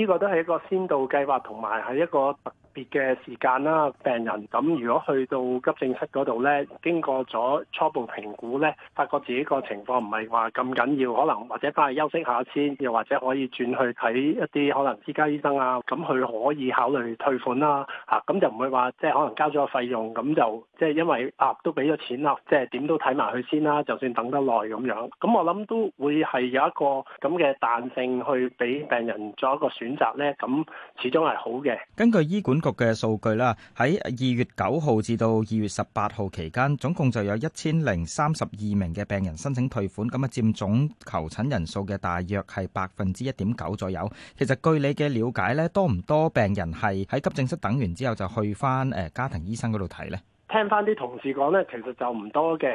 呢、這個都係一個先導計劃，同埋係一個嘅時間啦，病人咁如果去到急症室嗰度呢，經過咗初步評估呢，發覺自己個情況唔係話咁緊要，可能或者翻去休息下先，又或者可以轉去睇一啲可能私家醫生啊，咁佢可以考慮退款啦，嚇咁就唔會話即係可能交咗個費用咁就即係因為啊都俾咗錢啦，即係點都睇埋佢先啦，就算等得耐咁樣，咁我諗都會係有一個咁嘅彈性去俾病人作一個選擇呢，咁始終係好嘅。根據醫管局，嘅數據啦，喺二月九號至到二月十八號期間，總共就有一千零三十二名嘅病人申請退款，咁啊佔總求診人數嘅大約係百分之一點九左右。其實據你嘅了解咧，多唔多病人係喺急症室等完之後就去返誒家庭醫生嗰度睇咧？聽返啲同事講咧，其實就唔多嘅，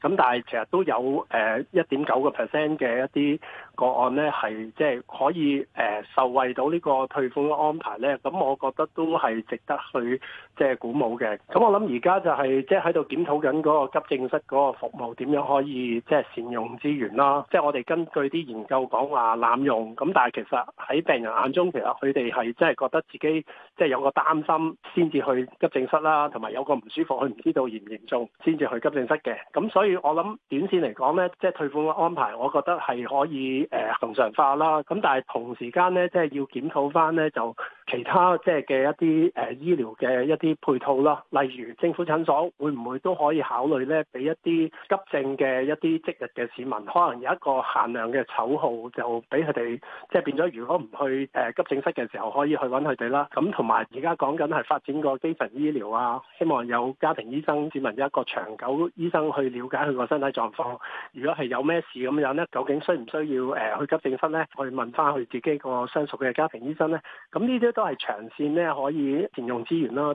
咁但係其實都有誒一點九個 percent 嘅一啲。個案咧係即係可以誒、呃、受惠到呢個退款安排咧，咁我覺得都係值得去即係鼓舞嘅。咁我諗而家就係、是、即係喺度檢討緊嗰個急症室嗰個服務點樣可以即係善用資源啦。即係我哋根據啲研究講話濫用，咁但係其實喺病人眼中，其實佢哋係即係覺得自己即係有個擔心先至去急症室啦，同埋有，有個唔舒服，佢唔知道嚴唔嚴重先至去急症室嘅。咁所以我諗短線嚟講咧，即係退款安排，我覺得係可以。誒恆常化啦，咁但係同時間咧，即係要檢討翻咧，就其他即係嘅一啲誒醫療嘅一啲配套啦。例如政府診所會唔會都可以考慮咧，俾一啲急症嘅一啲即日嘅市民，可能有一個限量嘅籌號就，就俾佢哋即係變咗。如果唔去誒急症室嘅時候，可以去揾佢哋啦。咁同埋而家講緊係發展個基層醫療啊，希望有家庭醫生，市民一個長久醫生去了解佢個身體狀況，如果係有咩事咁樣咧，究竟需唔需要？誒我哋急症室咧，去問翻佢自己個相熟嘅家庭醫生咧，咁呢啲都係長線咧，可以善用資源啦。